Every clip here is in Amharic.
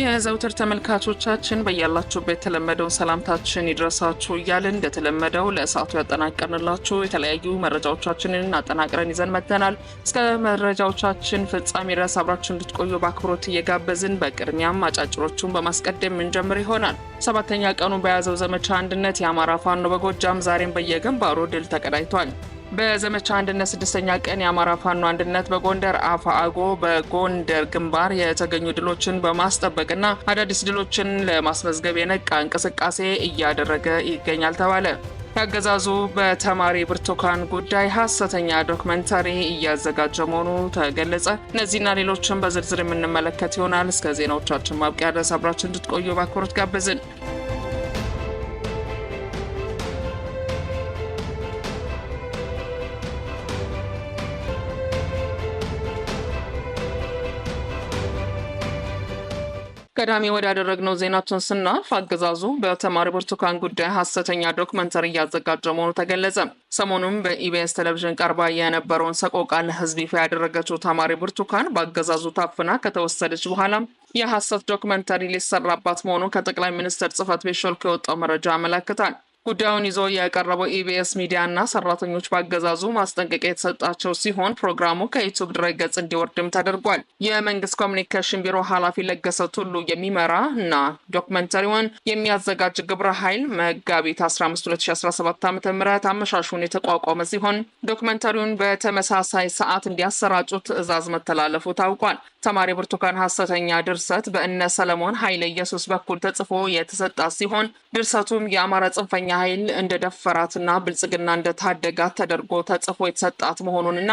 የዘውትር ተመልካቾቻችን በያላችሁበት የተለመደውን ሰላምታችን ይድረሳችሁ እያልን እንደተለመደው ለሰዓቱ ያጠናቀርንላችሁ የተለያዩ መረጃዎቻችንን አጠናቅረን ይዘን መጥተናል። እስከ መረጃዎቻችን ፍጻሜ ድረስ አብራችሁ እንድትቆዩ በአክብሮት እየጋበዝን በቅድሚያም አጫጭሮቹን በማስቀደም እንጀምር ይሆናል። ሰባተኛ ቀኑ በያዘው ዘመቻ አንድነት የአማራ ፋኖ በጎጃም ዛሬም በየግንባሩ ድል ተቀዳጅቷል። በዘመቻ አንድነት ስድስተኛ ቀን የአማራ ፋኖ አንድነት በጎንደር አፋአጎ በጎንደር ግንባር የተገኙ ድሎችን በማስጠበቅና አዳዲስ ድሎችን ለማስመዝገብ የነቃ እንቅስቃሴ እያደረገ ይገኛል ተባለ። ያገዛዙ በተማሪ ብርቱካን ጉዳይ ሀሰተኛ ዶክመንታሪ እያዘጋጀ መሆኑ ተገለጸ። እነዚህና ሌሎችን በዝርዝር የምንመለከት ይሆናል። እስከ ዜናዎቻችን ማብቂያ ድረስ አብራችን እንድትቆዩ በአክብሮት ጋበዝን። ቀዳሚ ወዳደረግነው ዜናችን ስናልፍ አገዛዙ በተማሪ ብርቱካን ጉዳይ ሀሰተኛ ዶክመንተሪ እያዘጋጀ መሆኑ ተገለጸ። ሰሞኑን በኢቢኤስ ቴሌቪዥን ቀርባ የነበረውን ሰቆቃ ለሕዝብ ይፋ ያደረገችው ተማሪ ብርቱካን በአገዛዙ ታፍና ከተወሰደች በኋላ የሀሰት ዶክመንተሪ ሊሰራባት መሆኑን ከጠቅላይ ሚኒስትር ጽህፈት ቤት ሾልኮ የወጣው መረጃ ያመለክታል። ጉዳዩን ይዞ ያቀረበው ኢቢኤስ ሚዲያ እና ሰራተኞች በአገዛዙ ማስጠንቀቂያ የተሰጣቸው ሲሆን ፕሮግራሙ ከዩቱብ ድረገጽ እንዲወርድም ተደርጓል። የመንግስት ኮሚኒኬሽን ቢሮ ኃላፊ ለገሰ ቱሉ የሚመራ እና ዶክመንተሪውን የሚያዘጋጅ ግብረ ኃይል መጋቢት 15 2017 ዓ ም አመሻሹን የተቋቋመ ሲሆን ዶክመንተሪውን በተመሳሳይ ሰዓት እንዲያሰራጩ ትዕዛዝ መተላለፉ ታውቋል። ተማሪ ብርቱካን ሀሰተኛ ድርሰት በእነ ሰለሞን ኃይለ ኢየሱስ በኩል ተጽፎ የተሰጣ ሲሆን ድርሰቱም የአማራ ጽንፈኛ ኃይል እንደደፈራትና ብልጽግና እንደታደጋት ተደርጎ ተጽፎ የተሰጣት መሆኑንና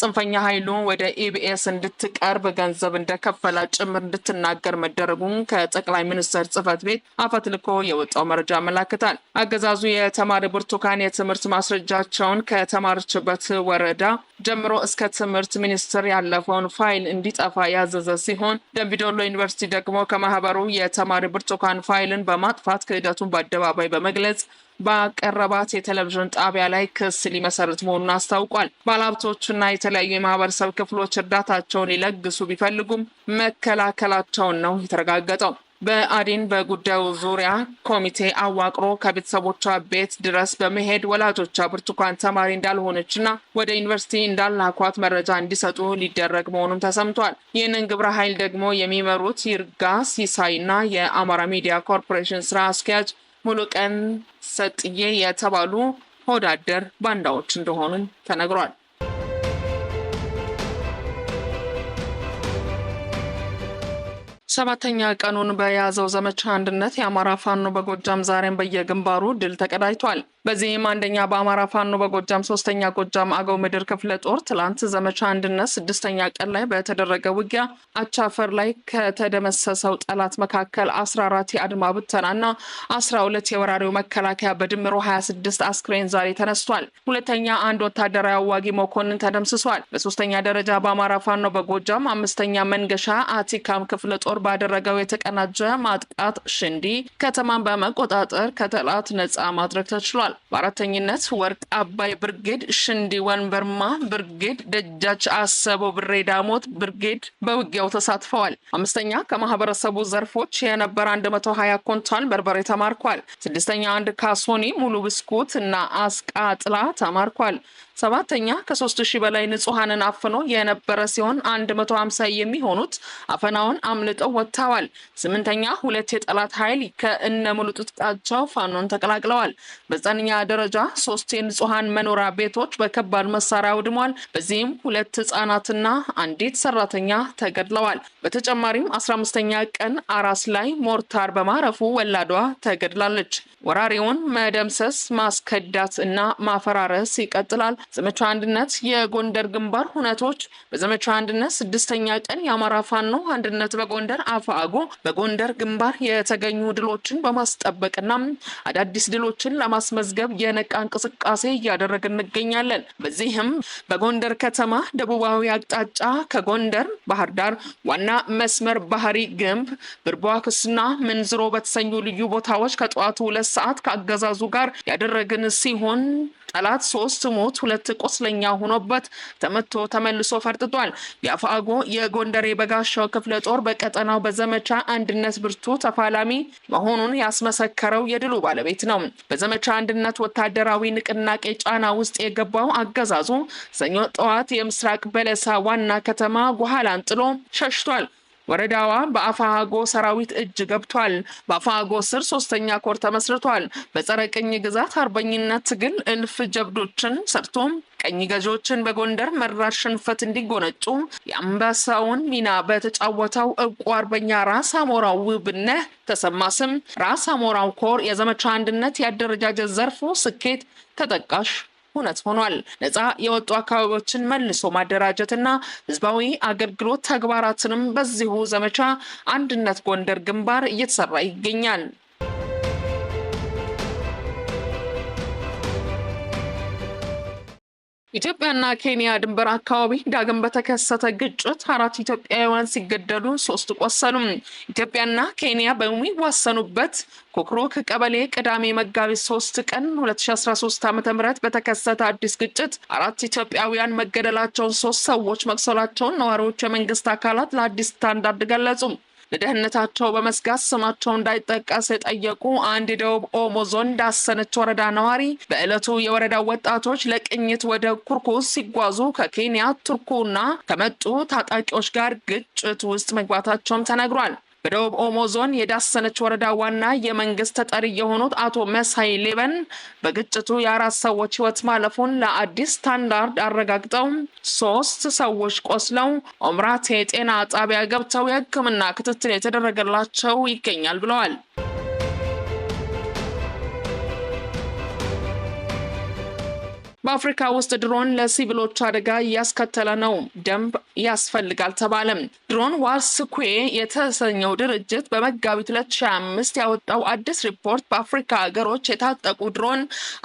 ጽንፈኛ ኃይሉ ወደ ኢቢኤስ እንድትቀርብ ገንዘብ እንደከፈላ ጭምር እንድትናገር መደረጉን ከጠቅላይ ሚኒስትር ጽህፈት ቤት አፈትልኮ የወጣው መረጃ አመላክታል። አገዛዙ የተማሪ ብርቱካን የትምህርት ማስረጃቸውን ከተማረችበት ወረዳ ጀምሮ እስከ ትምህርት ሚኒስቴር ያለፈውን ፋይል እንዲጠፋ ያዘዘ ሲሆን ደምቢዶሎ ዩኒቨርሲቲ ደግሞ ከማህበሩ የተማሪ ብርቱካን ፋይልን በማጥፋት ክህደቱን በአደባባይ በመግለጽ ባቀረባት የቴሌቪዥን ጣቢያ ላይ ክስ ሊመሰርት መሆኑን አስታውቋል። ባለሀብቶችና የተለያዩ የማህበረሰብ ክፍሎች እርዳታቸውን ሊለግሱ ቢፈልጉም መከላከላቸውን ነው የተረጋገጠው። በአዲን በጉዳዩ ዙሪያ ኮሚቴ አዋቅሮ ከቤተሰቦቿ ቤት ድረስ በመሄድ ወላጆቿ ብርቱካን ተማሪ እንዳልሆነችና ወደ ዩኒቨርሲቲ እንዳላኳት መረጃ እንዲሰጡ ሊደረግ መሆኑም ተሰምቷል። ይህንን ግብረ ኃይል ደግሞ የሚመሩት ይርጋ ሲሳይና የአማራ ሚዲያ ኮርፖሬሽን ስራ አስኪያጅ ሙሉ ቀን ሰጥዬ የተባሉ ሆዳደር ባንዳዎች እንደሆኑም ተነግሯል። ሰባተኛ ቀኑን በያዘው ዘመቻ አንድነት የአማራ ፋኖ በጎጃም ዛሬም በየግንባሩ ድል ተቀዳጅቷል። በዚህም አንደኛ በአማራ ፋኖ በጎጃም ሶስተኛ ጎጃም አገው ምድር ክፍለ ጦር ትላንት ዘመቻ አንድነት ስድስተኛ ቀን ላይ በተደረገ ውጊያ አቻፈር ላይ ከተደመሰሰው ጠላት መካከል 14 የአድማ ብተናና 12 የወራሪው መከላከያ በድምሮ 26 አስክሬን ዛሬ ተነስቷል። ሁለተኛ አንድ ወታደራዊ አዋጊ መኮንን ተደምስሷል። በሶስተኛ ደረጃ በአማራ ፋኖ በጎጃም አምስተኛ መንገሻ አቲካም ክፍለ ጦር ባደረገው የተቀናጀ ማጥቃት ሽንዲ ከተማን በመቆጣጠር ከጠላት ነፃ ማድረግ ተችሏል። በአራተኝነት ወርቅ አባይ ብርጌድ፣ ሽንዲ ወንበርማ ብርጌድ፣ ደጃች አሰቦ ብሬ ዳሞት ብርጌድ በውጊያው ተሳትፈዋል። አምስተኛ ከማህበረሰቡ ዘርፎች የነበረ 120 ኮንቷል በርበሬ ተማርኳል። ስድስተኛ አንድ ካሶኒ ሙሉ ብስኩት እና አስቃጥላ ተማርኳል። ሰባተኛ ከሶስት ሺህ በላይ ንጹሐንን አፍኖ የነበረ ሲሆን አንድ መቶ ሀምሳ የሚሆኑት አፈናውን አምልጠው ወጥተዋል። ስምንተኛ ሁለት የጠላት ኃይል ከእነሙሉ ትጥቃቸው ፋኖን ተቀላቅለዋል። በዘጠነኛ ደረጃ ሶስት የንጹሐን መኖሪያ ቤቶች በከባድ መሳሪያ ውድሟል። በዚህም ሁለት ህጻናትና አንዲት ሰራተኛ ተገድለዋል። በተጨማሪም አስራ አምስተኛ ቀን አራስ ላይ ሞርታር በማረፉ ወላዷ ተገድላለች። ወራሪውን መደምሰስ ማስከዳት እና ማፈራረስ ይቀጥላል። ዘመቻ አንድነት የጎንደር ግንባር ሁነቶች በዘመቻ አንድነት ስድስተኛ ቀን የአማራ ፋኖ አንድነት በጎንደር አፋአጎ በጎንደር ግንባር የተገኙ ድሎችን በማስጠበቅና አዳዲስ ድሎችን ለማስመዝገብ የነቃ እንቅስቃሴ እያደረግ እንገኛለን። በዚህም በጎንደር ከተማ ደቡባዊ አቅጣጫ ከጎንደር ባህር ዳር ዋና መስመር ባህሪ ግንብ፣ ብርቧክስና ምንዝሮ በተሰኙ ልዩ ቦታዎች ከጠዋቱ ሁለት ሰዓት ከአገዛዙ ጋር ያደረግን ሲሆን ጠላት ሶስት ሞት ሁለት ቁስለኛ ሆኖበት ተመቶ ተመልሶ ፈርጥቷል። የአፋጎ የጎንደር የበጋሻው ክፍለ ጦር በቀጠናው በዘመቻ አንድነት ብርቱ ተፋላሚ መሆኑን ያስመሰከረው የድሉ ባለቤት ነው። በዘመቻ አንድነት ወታደራዊ ንቅናቄ ጫና ውስጥ የገባው አገዛዙ ሰኞ ጠዋት የምስራቅ በለሳ ዋና ከተማ ጓሃላን ጥሎ ሸሽቷል። ወረዳዋ በአፋሃጎ ሰራዊት እጅ ገብቷል። በአፋሃጎ ስር ሶስተኛ ኮር ተመስርቷል። በጸረ ቅኝ ግዛት አርበኝነት ትግል እልፍ ጀብዶችን ሰርቶም ቀኝ ገዢዎችን በጎንደር መራር ሽንፈት እንዲጎነጩ የአንበሳውን ሚና በተጫወተው እቁ አርበኛ ራስ አሞራው ውብነህ ተሰማ ስም ራስ አሞራው ኮር የዘመቻ አንድነት የአደረጃጀት ዘርፎ ስኬት ተጠቃሽ እውነት ሆኗል። ነፃ የወጡ አካባቢዎችን መልሶ ማደራጀትና ህዝባዊ አገልግሎት ተግባራትንም በዚሁ ዘመቻ አንድነት ጎንደር ግንባር እየተሰራ ይገኛል። ኢትዮጵያና ኬንያ ድንበር አካባቢ ዳግም በተከሰተ ግጭት አራት ኢትዮጵያውያን ሲገደሉ ሶስት ቆሰሉም። ኢትዮጵያና ኬንያ በሚዋሰኑበት ኮክሮክ ቀበሌ ቅዳሜ መጋቢት ሶስት ቀን 2013 ዓ.ም በተከሰተ አዲስ ግጭት አራት ኢትዮጵያውያን መገደላቸውን፣ ሶስት ሰዎች መቁሰላቸውን ነዋሪዎቹ የመንግስት አካላት ለአዲስ ስታንዳርድ ገለጹ። ለደህንነታቸው በመስጋት ስማቸው እንዳይጠቀስ የጠየቁ አንድ የደቡብ ኦሞ ዞን ዳሰነች ወረዳ ነዋሪ በዕለቱ የወረዳው ወጣቶች ለቅኝት ወደ ኩርኩስ ሲጓዙ ከኬንያ ቱርኩና ከመጡ ታጣቂዎች ጋር ግጭት ውስጥ መግባታቸውም ተነግሯል። በደቡብ ኦሞ ዞን የዳሰነች ወረዳ ዋና የመንግስት ተጠሪ የሆኑት አቶ መሳይ ሌበን በግጭቱ የአራት ሰዎች ህይወት ማለፉን ለአዲስ ስታንዳርድ አረጋግጠው ሶስት ሰዎች ቆስለው ኦምራት የጤና ጣቢያ ገብተው የህክምና ክትትል የተደረገላቸው ይገኛል ብለዋል። በአፍሪካ ውስጥ ድሮን ለሲቪሎች አደጋ እያስከተለ ነው፣ ደንብ ያስፈልጋል ተባለም። ድሮን ዋስኩዌ የተሰኘው ድርጅት በመጋቢት 2025 ያወጣው አዲስ ሪፖርት በአፍሪካ ሀገሮች የታጠቁ ድሮን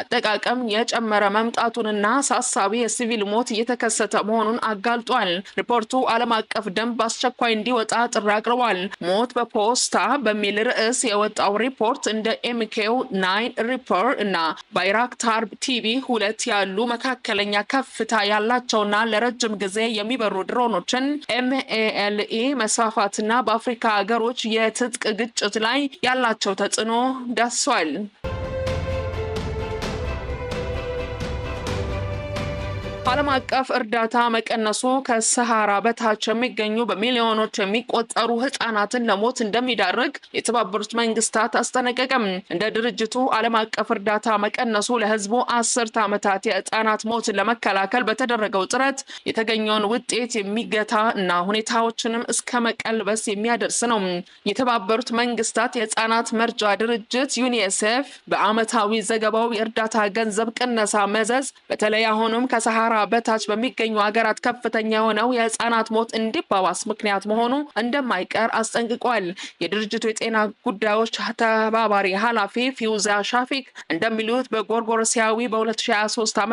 አጠቃቀም የጨመረ መምጣቱንና አሳሳቢ የሲቪል ሞት እየተከሰተ መሆኑን አጋልጧል። ሪፖርቱ ዓለም አቀፍ ደንብ በአስቸኳይ እንዲወጣ ጥሪ አቅርቧል። ሞት በፖስታ በሚል ርዕስ የወጣው ሪፖርት እንደ ኤምኬው ናይን ሪፐር እና ባይራክታር ቲቪ ሁለት ያ ያሉ መካከለኛ ከፍታ ያላቸውና ለረጅም ጊዜ የሚበሩ ድሮኖችን ኤምኤኤልኢ e መስፋፋትና በአፍሪካ ሀገሮች የትጥቅ ግጭት ላይ ያላቸው ተጽዕኖ ዳሷል። ዓለም አቀፍ እርዳታ መቀነሱ ከሰሃራ በታች የሚገኙ በሚሊዮኖች የሚቆጠሩ ህጻናትን ለሞት እንደሚዳርግ የተባበሩት መንግስታት አስጠነቀቀም። እንደ ድርጅቱ ዓለም አቀፍ እርዳታ መቀነሱ ለህዝቡ አስርት ዓመታት የህጻናት ሞትን ለመከላከል በተደረገው ጥረት የተገኘውን ውጤት የሚገታ እና ሁኔታዎችንም እስከ መቀልበስ የሚያደርስ ነው። የተባበሩት መንግስታት የህጻናት መርጃ ድርጅት ዩኒሴፍ በአመታዊ ዘገባው የእርዳታ ገንዘብ ቅነሳ መዘዝ በተለይ አሁንም ከሰሃራ ሰሃራ በታች በሚገኙ ሀገራት ከፍተኛ የሆነው የህፃናት ሞት እንዲባባስ ምክንያት መሆኑ እንደማይቀር አስጠንቅቋል። የድርጅቱ የጤና ጉዳዮች ተባባሪ ኃላፊ ፊውዛ ሻፊክ እንደሚሉት በጎርጎርሲያዊ በ2023 ዓ ም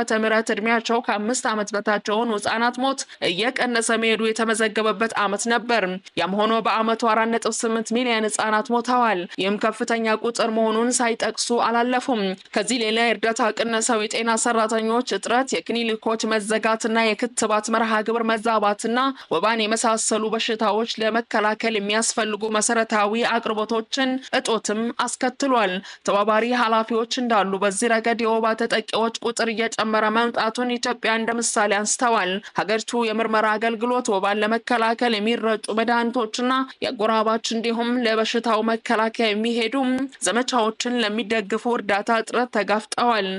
እድሜያቸው ከአምስት ዓመት በታች የሆኑ ህጻናት ሞት እየቀነሰ መሄዱ የተመዘገበበት ዓመት ነበር። ያም ሆኖ በአመቱ 4.8 ሚሊዮን ህጻናት ሞተዋል። ይህም ከፍተኛ ቁጥር መሆኑን ሳይጠቅሱ አላለፉም። ከዚህ ሌላ የእርዳታ ቅነሰው የጤና ሰራተኞች እጥረት፣ የክሊኒኮች መዘጋትና የክትባት መርሃ ግብር መዛባትና ወባን የመሳሰሉ በሽታዎች ለመከላከል የሚያስፈልጉ መሰረታዊ አቅርቦቶችን እጦትም አስከትሏል። ተባባሪ ኃላፊዎች እንዳሉ በዚህ ረገድ የወባ ተጠቂዎች ቁጥር እየጨመረ መምጣቱን ኢትዮጵያ እንደ ምሳሌ አንስተዋል። ሀገሪቱ የምርመራ አገልግሎት ወባን ለመከላከል የሚረጩ መድኃኒቶችና የአጎራባች እንዲሁም ለበሽታው መከላከያ የሚሄዱ ዘመቻዎችን ለሚደግፉ እርዳታ ጥረት ተጋፍጠዋል።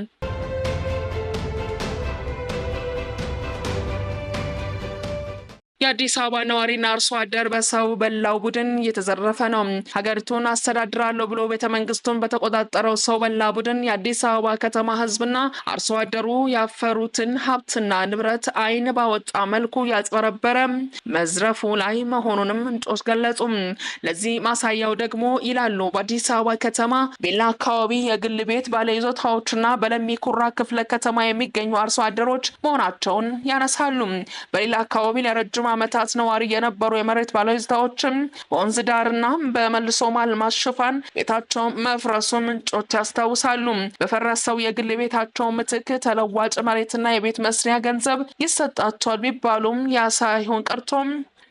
የአዲስ አበባ ነዋሪና አርሶ አደር በሰው በላው ቡድን እየተዘረፈ ነው። ሀገሪቱን አስተዳድራለሁ ብሎ መንግስቱን በተቆጣጠረው ሰው በላ ቡድን የአዲስ አበባ ከተማ ህዝብና አርሶ አደሩ ያፈሩትን ሀብትና ንብረት አይን ባወጣ መልኩ ያጭበረበረ መዝረፉ ላይ መሆኑንም ምንጮች ገለጹ። ለዚህ ማሳያው ደግሞ ይላሉ በአዲስ አበባ ከተማ ቤላ አካባቢ የግል ቤት ባለይዞታዎችና በለሚኩራ ክፍለ ከተማ የሚገኙ አርሶ አደሮች መሆናቸውን ያነሳሉ። በሌላ አካባቢ ለረጅም ዓመታት ነዋሪ የነበሩ የመሬት ባለይዞታዎችም በወንዝ ዳርና በመልሶ ማልማት ሽፋን ቤታቸው መፍረሱ ምንጮች ያስታውሳሉ። በፈረሰው የግል ቤታቸው ምትክ ተለዋጭ መሬትና የቤት መስሪያ ገንዘብ ይሰጣቸዋል ቢባሉም ያ ቀርቶም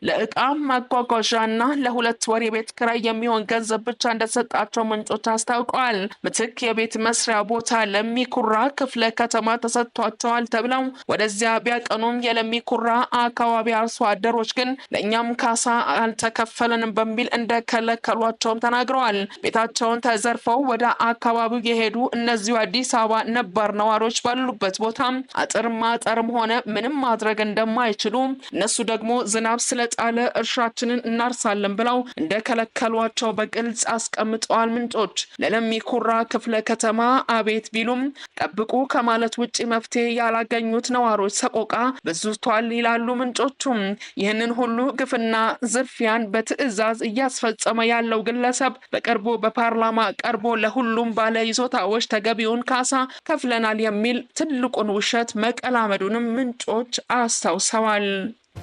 ለእቃ ማጓጓዣና ለሁለት ወር የቤት ክራይ የሚሆን ገንዘብ ብቻ እንደተሰጣቸው ምንጮች አስታውቀዋል። ምትክ የቤት መስሪያ ቦታ ለሚኩራ ክፍለ ከተማ ተሰጥቷቸዋል ተብለው ወደዚያ ቢያቀኑም የለሚኩራ አካባቢ አርሶ አደሮች ግን ለእኛም ካሳ አልተከፈለንም በሚል እንደከለከሏቸውም ተናግረዋል። ቤታቸውን ተዘርፈው ወደ አካባቢው የሄዱ እነዚሁ አዲስ አበባ ነባር ነዋሪዎች ባሉበት ቦታ አጥር ማጠርም ሆነ ምንም ማድረግ እንደማይችሉ እነሱ ደግሞ ዝናብ ስለ የተጣለ እርሻችንን እናርሳለን ብለው እንደከለከሏቸው በግልጽ አስቀምጠዋል። ምንጮች ለለሚ ኩራ ክፍለ ከተማ አቤት ቢሉም ጠብቁ ከማለት ውጭ መፍትሄ ያላገኙት ነዋሪዎች ሰቆቃ በዝቷል ይላሉ ምንጮቹም። ይህንን ሁሉ ግፍና ዝርፊያን በትዕዛዝ እያስፈጸመ ያለው ግለሰብ በቅርቡ በፓርላማ ቀርቦ ለሁሉም ባለ ይዞታዎች ተገቢውን ካሳ ከፍለናል የሚል ትልቁን ውሸት መቀላመዱንም ምንጮች አስታውሰዋል።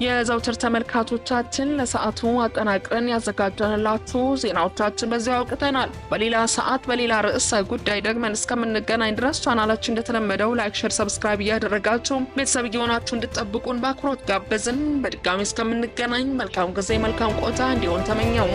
የዘውትር ተመልካቾቻችን ለሰዓቱ አጠናቅረን ያዘጋጀንላችሁ ዜናዎቻችን በዚያ አውቅተናል። በሌላ ሰዓት በሌላ ርዕሰ ጉዳይ ደግመን እስከምንገናኝ ድረስ ቻናላችን እንደተለመደው ላይክ፣ ሸር፣ ሰብስክራይብ እያደረጋችሁ ቤተሰብ እየሆናችሁ እንድጠብቁን በአክብሮት ጋበዝን። በድጋሚ እስከምንገናኝ መልካም ጊዜ መልካም ቆይታ እንዲሆን ተመኘው።